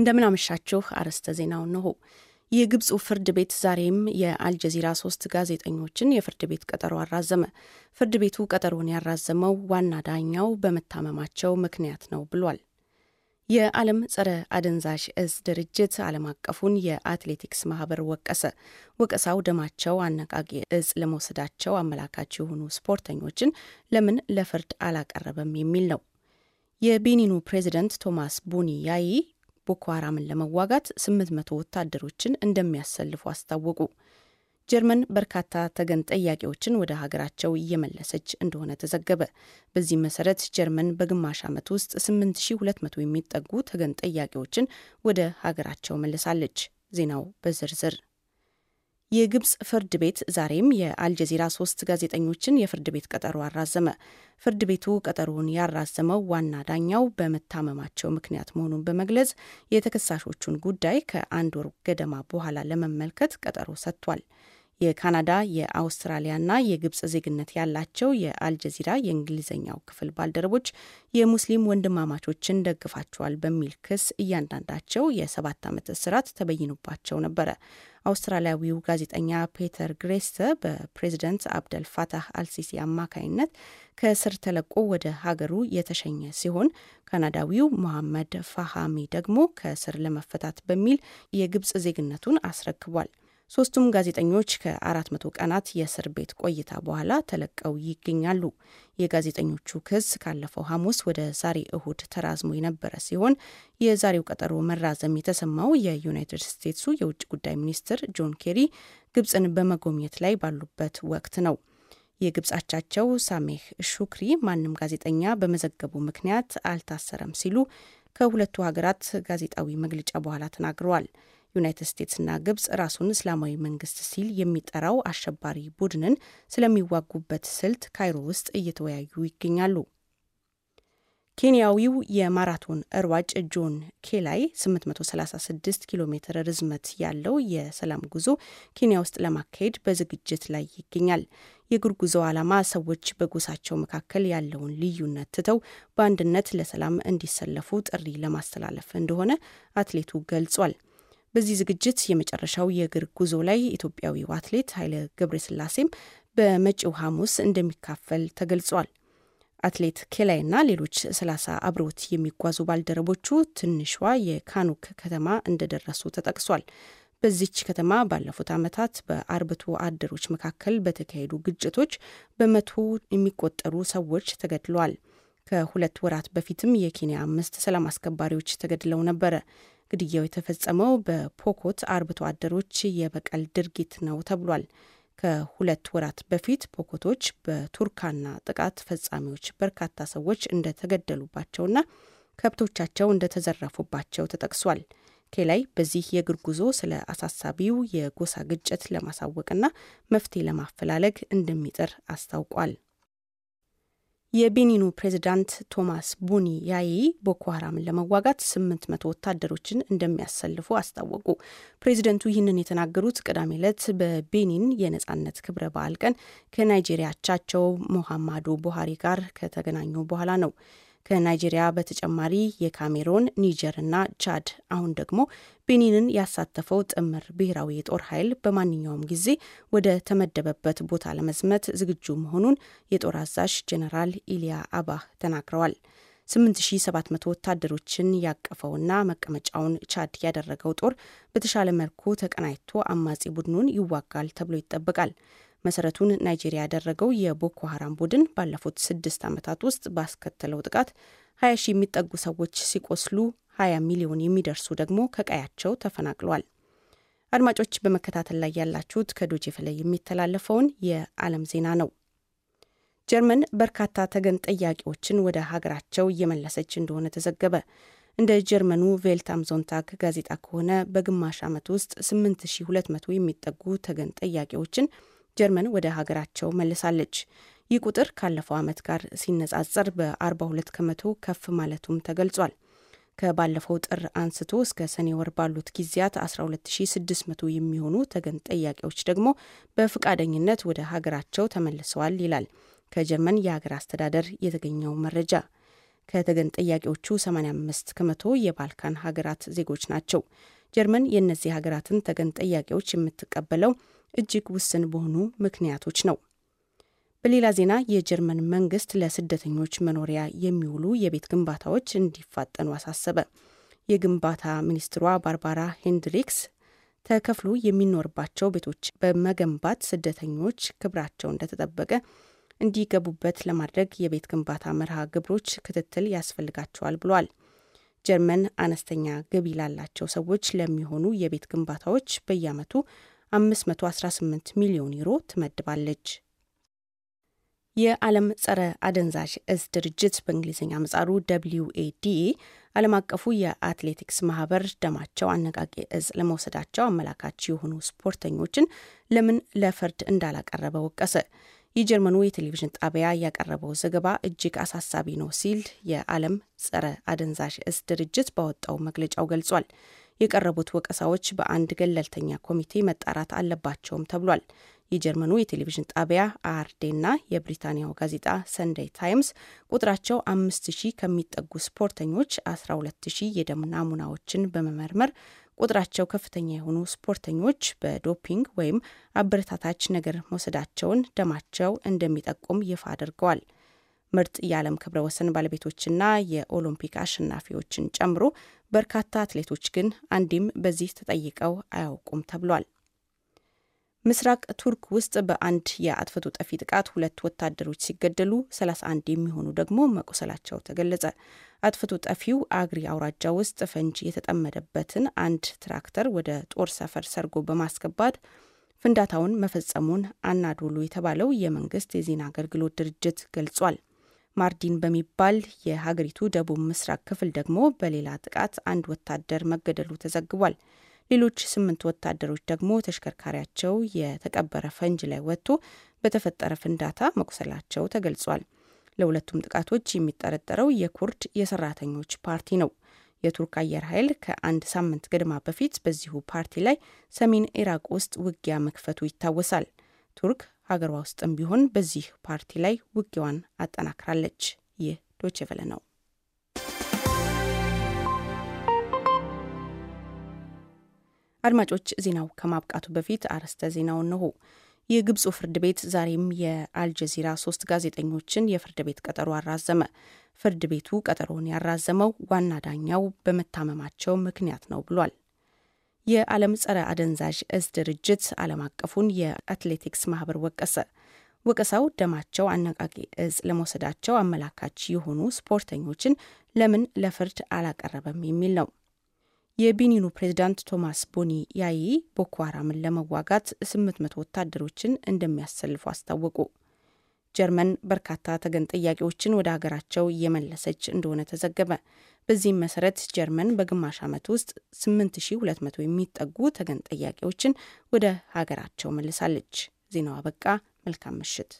እንደምናመሻችሁ አርዕስተ ዜናው ነሆ። የግብፁ ፍርድ ቤት ዛሬም የአልጀዚራ ሶስት ጋዜጠኞችን የፍርድ ቤት ቀጠሮ አራዘመ። ፍርድ ቤቱ ቀጠሮን ያራዘመው ዋና ዳኛው በመታመማቸው ምክንያት ነው ብሏል። የዓለም ጸረ አደንዛዥ እጽ ድርጅት ዓለም አቀፉን የአትሌቲክስ ማህበር ወቀሰ። ወቀሳው ደማቸው አነቃቂ እጽ ለመውሰዳቸው አመላካች የሆኑ ስፖርተኞችን ለምን ለፍርድ አላቀረበም የሚል ነው። የቤኒኑ ፕሬዚደንት ቶማስ ቡኒ ያይ ቦኮ ሀራምን ለመዋጋት 800 ወታደሮችን እንደሚያሰልፉ አስታወቁ። ጀርመን በርካታ ተገን ጠያቂዎችን ወደ ሀገራቸው እየመለሰች እንደሆነ ተዘገበ። በዚህ መሰረት ጀርመን በግማሽ ዓመት ውስጥ 8200 የሚጠጉ ተገን ጠያቂዎችን ወደ ሀገራቸው መልሳለች። ዜናው በዝርዝር የግብፅ ፍርድ ቤት ዛሬም የአልጀዚራ ሶስት ጋዜጠኞችን የፍርድ ቤት ቀጠሮ አራዘመ። ፍርድ ቤቱ ቀጠሮውን ያራዘመው ዋና ዳኛው በመታመማቸው ምክንያት መሆኑን በመግለጽ የተከሳሾቹን ጉዳይ ከአንድ ወር ገደማ በኋላ ለመመልከት ቀጠሮ ሰጥቷል። የካናዳ የአውስትራሊያና የግብጽ ዜግነት ያላቸው የአልጀዚራ የእንግሊዝኛው ክፍል ባልደረቦች የሙስሊም ወንድማማቾችን ደግፋቸዋል በሚል ክስ እያንዳንዳቸው የሰባት ዓመት እስራት ተበይኑባቸው ነበረ። አውስትራሊያዊው ጋዜጠኛ ፔተር ግሬስተ በፕሬዚደንት አብደል ፋታህ አልሲሲ አማካይነት ከእስር ተለቆ ወደ ሀገሩ የተሸኘ ሲሆን ካናዳዊው መሐመድ ፋሃሚ ደግሞ ከእስር ለመፈታት በሚል የግብጽ ዜግነቱን አስረክቧል። ሶስቱም ጋዜጠኞች ከ400 ቀናት የእስር ቤት ቆይታ በኋላ ተለቀው ይገኛሉ። የጋዜጠኞቹ ክስ ካለፈው ሐሙስ ወደ ዛሬ እሁድ ተራዝሞ የነበረ ሲሆን የዛሬው ቀጠሮ መራዘም የተሰማው የዩናይትድ ስቴትሱ የውጭ ጉዳይ ሚኒስትር ጆን ኬሪ ግብፅን በመጎብኘት ላይ ባሉበት ወቅት ነው። የግብጻቻቸው ሳሜህ ሹክሪ ማንም ጋዜጠኛ በመዘገቡ ምክንያት አልታሰረም ሲሉ ከሁለቱ ሀገራት ጋዜጣዊ መግለጫ በኋላ ተናግረዋል። ዩናይትድ ስቴትስና ግብጽ ራሱን እስላማዊ መንግስት ሲል የሚጠራው አሸባሪ ቡድንን ስለሚዋጉበት ስልት ካይሮ ውስጥ እየተወያዩ ይገኛሉ። ኬንያዊው የማራቶን እሯጭ ጆን ኬላይ 836 ኪሎ ሜትር ርዝመት ያለው የሰላም ጉዞ ኬንያ ውስጥ ለማካሄድ በዝግጅት ላይ ይገኛል። የእግር ጉዞ ዓላማ ሰዎች በጎሳቸው መካከል ያለውን ልዩነት ትተው በአንድነት ለሰላም እንዲሰለፉ ጥሪ ለማስተላለፍ እንደሆነ አትሌቱ ገልጿል። በዚህ ዝግጅት የመጨረሻው የእግር ጉዞ ላይ ኢትዮጵያዊው አትሌት ኃይለ ገብረስላሴም በመጪው ሐሙስ እንደሚካፈል ተገልጿል። አትሌት እና ሌሎች ሰላሳ አብሮት የሚጓዙ ባልደረቦቹ ትንሿ የካኑክ ከተማ እንደደረሱ ተጠቅሷል። በዚች ከተማ ባለፉት ዓመታት በአርብቶ አደሮች መካከል በተካሄዱ ግጭቶች በመቶ የሚቆጠሩ ሰዎች ተገድለዋል። ከሁለት ወራት በፊትም የኬንያ አምስት ሰላም አስከባሪዎች ተገድለው ነበረ። ግድያው የተፈጸመው በፖኮት አርብቶ አደሮች የበቀል ድርጊት ነው ተብሏል። ከሁለት ወራት በፊት ፖኮቶች በቱርካና ጥቃት ፈጻሚዎች በርካታ ሰዎች እንደተገደሉባቸውና ከብቶቻቸው እንደተዘረፉባቸው ተጠቅሷል። ኬላይ በዚህ የእግር ጉዞ ስለ አሳሳቢው የጎሳ ግጭት ለማሳወቅና መፍትሄ ለማፈላለግ እንደሚጥር አስታውቋል። የቤኒኑ ፕሬዚዳንት ቶማስ ቡኒ ያይ ቦኮ ሀራምን ለመዋጋት 800 ወታደሮችን እንደሚያሰልፉ አስታወቁ። ፕሬዚደንቱ ይህንን የተናገሩት ቅዳሜ ዕለት በቤኒን የነጻነት ክብረ በዓል ቀን ከናይጄሪያቻቸው አቻቸው ሞሐማዱ ቡሃሪ ጋር ከተገናኙ በኋላ ነው። ከናይጄሪያ በተጨማሪ የካሜሮን ኒጀር እና ቻድ አሁን ደግሞ ቤኒንን ያሳተፈው ጥምር ብሔራዊ የጦር ኃይል በማንኛውም ጊዜ ወደ ተመደበበት ቦታ ለመዝመት ዝግጁ መሆኑን የጦር አዛዥ ጀኔራል ኢሊያ አባህ ተናግረዋል። 8700 ወታደሮችን ያቀፈውና መቀመጫውን ቻድ ያደረገው ጦር በተሻለ መልኩ ተቀናጅቶ አማጺ ቡድኑን ይዋጋል ተብሎ ይጠበቃል። መሰረቱን ናይጄሪያ ያደረገው የቦኮ ሀራም ቡድን ባለፉት ስድስት ዓመታት ውስጥ ባስከተለው ጥቃት ሀያ ሺህ የሚጠጉ ሰዎች ሲቆስሉ ሀያ ሚሊዮን የሚደርሱ ደግሞ ከቀያቸው ተፈናቅሏል። አድማጮች በመከታተል ላይ ያላችሁት ከዶቼ ቬለ የሚተላለፈውን የዓለም ዜና ነው። ጀርመን በርካታ ተገን ጠያቂዎችን ወደ ሀገራቸው እየመለሰች እንደሆነ ተዘገበ። እንደ ጀርመኑ ቬልት ጋዜጣ ከሆነ በግማሽ ዓመት ውስጥ 8200 የሚጠጉ ተገን ጠያቂዎችን ጀርመን ወደ ሀገራቸው መልሳለች። ይህ ቁጥር ካለፈው ዓመት ጋር ሲነጻጸር በ42 ከመቶ ከፍ ማለቱም ተገልጿል። ከባለፈው ጥር አንስቶ እስከ ሰኔ ወር ባሉት ጊዜያት 12600 የሚሆኑ ተገን ጠያቂዎች ደግሞ በፈቃደኝነት ወደ ሀገራቸው ተመልሰዋል ይላል ከጀርመን የሀገር አስተዳደር የተገኘው መረጃ። ከተገን ጠያቂዎቹ 85 ከመቶ የባልካን ሀገራት ዜጎች ናቸው። ጀርመን የእነዚህ ሀገራትን ተገን ጠያቂዎች የምትቀበለው እጅግ ውስን በሆኑ ምክንያቶች ነው። በሌላ ዜና የጀርመን መንግስት ለስደተኞች መኖሪያ የሚውሉ የቤት ግንባታዎች እንዲፋጠኑ አሳሰበ። የግንባታ ሚኒስትሯ ባርባራ ሄንድሪክስ ተከፍሎ የሚኖርባቸው ቤቶች በመገንባት ስደተኞች ክብራቸው እንደተጠበቀ እንዲገቡበት ለማድረግ የቤት ግንባታ መርሃ ግብሮች ክትትል ያስፈልጋቸዋል ብሏል። ጀርመን አነስተኛ ገቢ ላላቸው ሰዎች ለሚሆኑ የቤት ግንባታዎች በየዓመቱ 518 ሚሊዮን ዩሮ ትመድባለች። የዓለም ጸረ አደንዛዥ እጽ ድርጅት በእንግሊዝኛ ምጻሩ ደብልዩ ኤ ዲ ዓለም አቀፉ የአትሌቲክስ ማህበር ደማቸው አነቃቂ እጽ ለመውሰዳቸው አመላካች የሆኑ ስፖርተኞችን ለምን ለፍርድ እንዳላቀረበ ወቀሰ። የጀርመኑ የቴሌቪዥን ጣቢያ ያቀረበው ዘገባ እጅግ አሳሳቢ ነው ሲል የዓለም ጸረ አደንዛዥ እጽ ድርጅት ባወጣው መግለጫው ገልጿል። የቀረቡት ወቀሳዎች በአንድ ገለልተኛ ኮሚቴ መጣራት አለባቸውም ተብሏል። የጀርመኑ የቴሌቪዥን ጣቢያ አርዴና የብሪታንያው ጋዜጣ ሰንደይ ታይምስ ቁጥራቸው አምስት ሺህ ከሚጠጉ ስፖርተኞች አስራ ሁለት ሺህ የደም ናሙናዎችን በመመርመር ቁጥራቸው ከፍተኛ የሆኑ ስፖርተኞች በዶፒንግ ወይም አበረታታች ነገር መውሰዳቸውን ደማቸው እንደሚጠቁም ይፋ አድርገዋል። ምርጥ የዓለም ክብረ ወሰን ባለቤቶችና የኦሎምፒክ አሸናፊዎችን ጨምሮ በርካታ አትሌቶች ግን አንዴም በዚህ ተጠይቀው አያውቁም ተብሏል። ምስራቅ ቱርክ ውስጥ በአንድ የአጥፍቶ ጠፊ ጥቃት ሁለት ወታደሮች ሲገደሉ 31 የሚሆኑ ደግሞ መቆሰላቸው ተገለጸ። አጥፍቶ ጠፊው አግሪ አውራጃ ውስጥ ፈንጂ የተጠመደበትን አንድ ትራክተር ወደ ጦር ሰፈር ሰርጎ በማስገባት ፍንዳታውን መፈጸሙን አናዶሉ የተባለው የመንግስት የዜና አገልግሎት ድርጅት ገልጿል። ማርዲን በሚባል የሀገሪቱ ደቡብ ምስራቅ ክፍል ደግሞ በሌላ ጥቃት አንድ ወታደር መገደሉ ተዘግቧል። ሌሎች ስምንት ወታደሮች ደግሞ ተሽከርካሪያቸው የተቀበረ ፈንጅ ላይ ወጥቶ በተፈጠረ ፍንዳታ መቁሰላቸው ተገልጿል። ለሁለቱም ጥቃቶች የሚጠረጠረው የኩርድ የሰራተኞች ፓርቲ ነው። የቱርክ አየር ኃይል ከአንድ ሳምንት ገድማ በፊት በዚሁ ፓርቲ ላይ ሰሜን ኢራቅ ውስጥ ውጊያ መክፈቱ ይታወሳል። ቱርክ ሀገሯ ውስጥም ቢሆን በዚህ ፓርቲ ላይ ውጊዋን አጠናክራለች። ይህ ዶችቨለ ነው። አድማጮች፣ ዜናው ከማብቃቱ በፊት አርዕስተ ዜናው እንሆ። የግብፁ ፍርድ ቤት ዛሬም የአልጀዚራ ሶስት ጋዜጠኞችን የፍርድ ቤት ቀጠሮ አራዘመ። ፍርድ ቤቱ ቀጠሮውን ያራዘመው ዋና ዳኛው በመታመማቸው ምክንያት ነው ብሏል። የዓለም ጸረ አደንዛዥ እጽ ድርጅት ዓለም አቀፉን የአትሌቲክስ ማህበር ወቀሰ። ወቀሳው ደማቸው አነቃቂ እጽ ለመውሰዳቸው አመላካች የሆኑ ስፖርተኞችን ለምን ለፍርድ አላቀረበም የሚል ነው። የቢኒኑ ፕሬዚዳንት ቶማስ ቦኒ ያይ ቦኮ ሃራምን ለመዋጋት 800 ወታደሮችን እንደሚያሰልፉ አስታወቁ። ጀርመን በርካታ ተገን ጠያቂዎችን ወደ ሀገራቸው እየመለሰች እንደሆነ ተዘገበ። በዚህም መሰረት ጀርመን በግማሽ ዓመት ውስጥ 8200 የሚጠጉ ተገን ጥያቄዎችን ወደ ሀገራቸው መልሳለች። ዜናው አበቃ። መልካም ምሽት።